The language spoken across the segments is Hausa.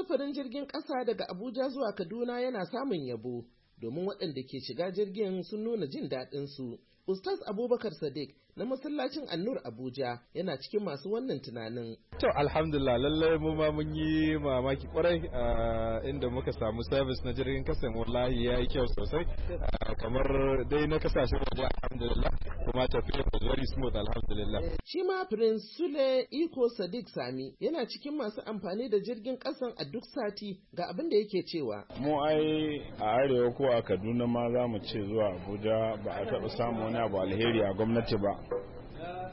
sufurin jirgin ƙasa daga Abuja zuwa Kaduna yana samun yabo domin waɗanda ke shiga jirgin sun nuna jin daɗinsu Ustaz Abubakar Sadiq na masallacin Annur Abuja yana cikin masu wannan tunanin. To alhamdulillah lallai mu ma mun yi mamaki kwarai inda muka samu service na jirgin kasa wallahi ya yi kyau sosai kamar dai na kasashen waje alhamdulillah kuma tafiya was very smooth alhamdulillah. Shi ma Prince Sule Iko Sadiq Sami yana cikin masu amfani da jirgin kasan a duk sati ga abin da yake cewa. Mu ai a arewa ko a Kaduna ma za mu ce zuwa Abuja ba a taɓa samu wani abu alheri a gwamnati ba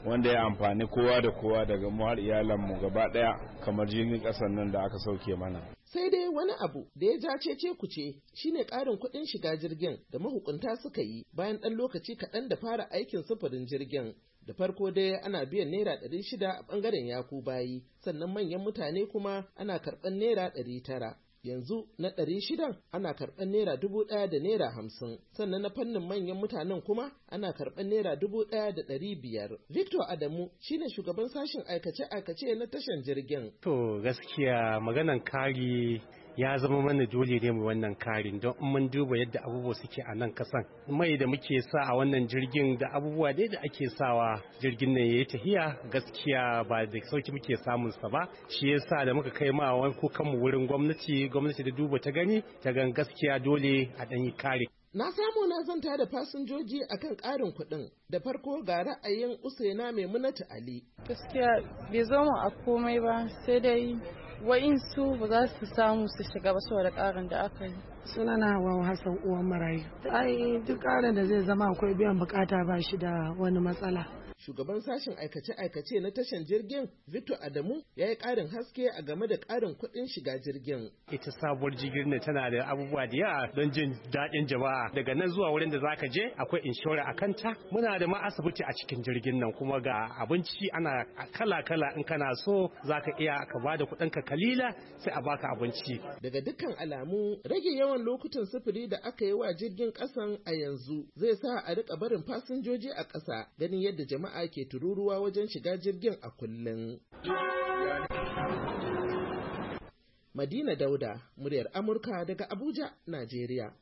wanda ya amfani kowa da kowa daga mu har iyalanmu gaba daya kamar jirgin kasan nan da aka sauke mana sai dai wani abu da ya jace ce ku ce shine karin kuɗin shiga jirgin da mahukunta suka yi bayan ɗan lokaci kaɗan da fara aikin sufurin jirgin da farko dai ana biyan naira ɗari shida a ɓangaren yaku bayi sannan manyan mutane kuma ana karɓar naira ɗari tara yanzu na ɗari shidan ana karɓar naira dubu ɗaya da naira hamsin sannan na fannin manyan mutanen kuma ana karɓar naira dubu ɗaya da ɗari biyar victor adamu shine shugaban sashen aikace-aikace na tashan jirgin to gaskiya maganan kari ya zama mana dole ne mu wannan karin don in mun duba yadda abubuwa suke a nan kasan mai da muke sa a wannan jirgin da abubuwa dai da ake sawa jirgin nan yayi tahiya gaskiya ba da sauki muke samun sa ba shi yasa da muka kai ma wani kukan mu wurin gwamnati gwamnati da duba ta gani ta gan gaskiya dole a dan yi kare Na samu na zanta da fasinjoji akan ƙarin kuɗin da farko ga ra'ayin Usaina Maimunatu Ali. Gaskiya bai zama a komai ba sai dai wa'insu ba za su samu su shiga ba saboda ƙarin da aka yi sunana wa hassan uwan marayu ai duk karin da zai zama akwai biyan bukata ba shi da wani matsala shugaban sashen aikace-aikace na tashar jirgin Victor Adamu ya yi ƙarin haske a game da ƙarin kuɗin shiga jirgin. Ita sabuwar jirgin ne tana da abubuwa da yawa don jin daɗin jama'a. Daga nan zuwa wurin da zaka je akwai inshora a kanta. Muna da ma asibiti a cikin jirgin nan kuma ga abinci ana kala-kala in kana so zaka iya ka ba da kuɗinka kalila sai a baka abinci. Daga dukkan alamu rage yawan lokutan sufuri da aka yi wa jirgin ƙasan a yanzu zai sa a riƙa barin fasinjoji a ƙasa ganin yadda jama'a jama'a ke tururuwa wajen shiga jirgin a kullum. Madina Dauda, muryar Amurka daga Abuja, Najeriya.